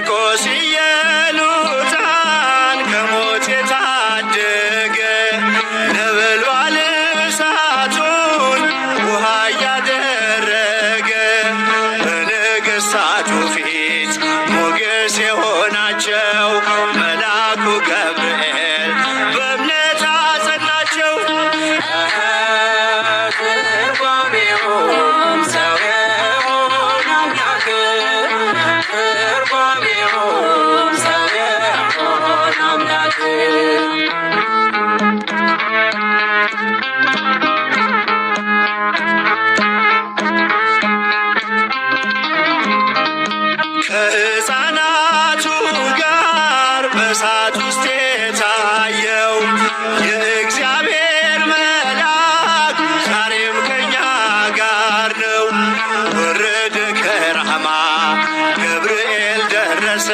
ቂርቆስ ኢየሉጣን ከሞት የታደገ ነበልባለ እሳቱን ውሃ እያደረገ በነገሥታቱ ፊት ሞገስ የሆናቸው መልአኩ ገብ ከሕፃናቱ ጋር በሳት ውስጥ የታየው የእግዚአብሔር መልአክ ዛሬም ከኛ ጋር ነው። ወረደ ከራማ ገብርኤል ደረሰ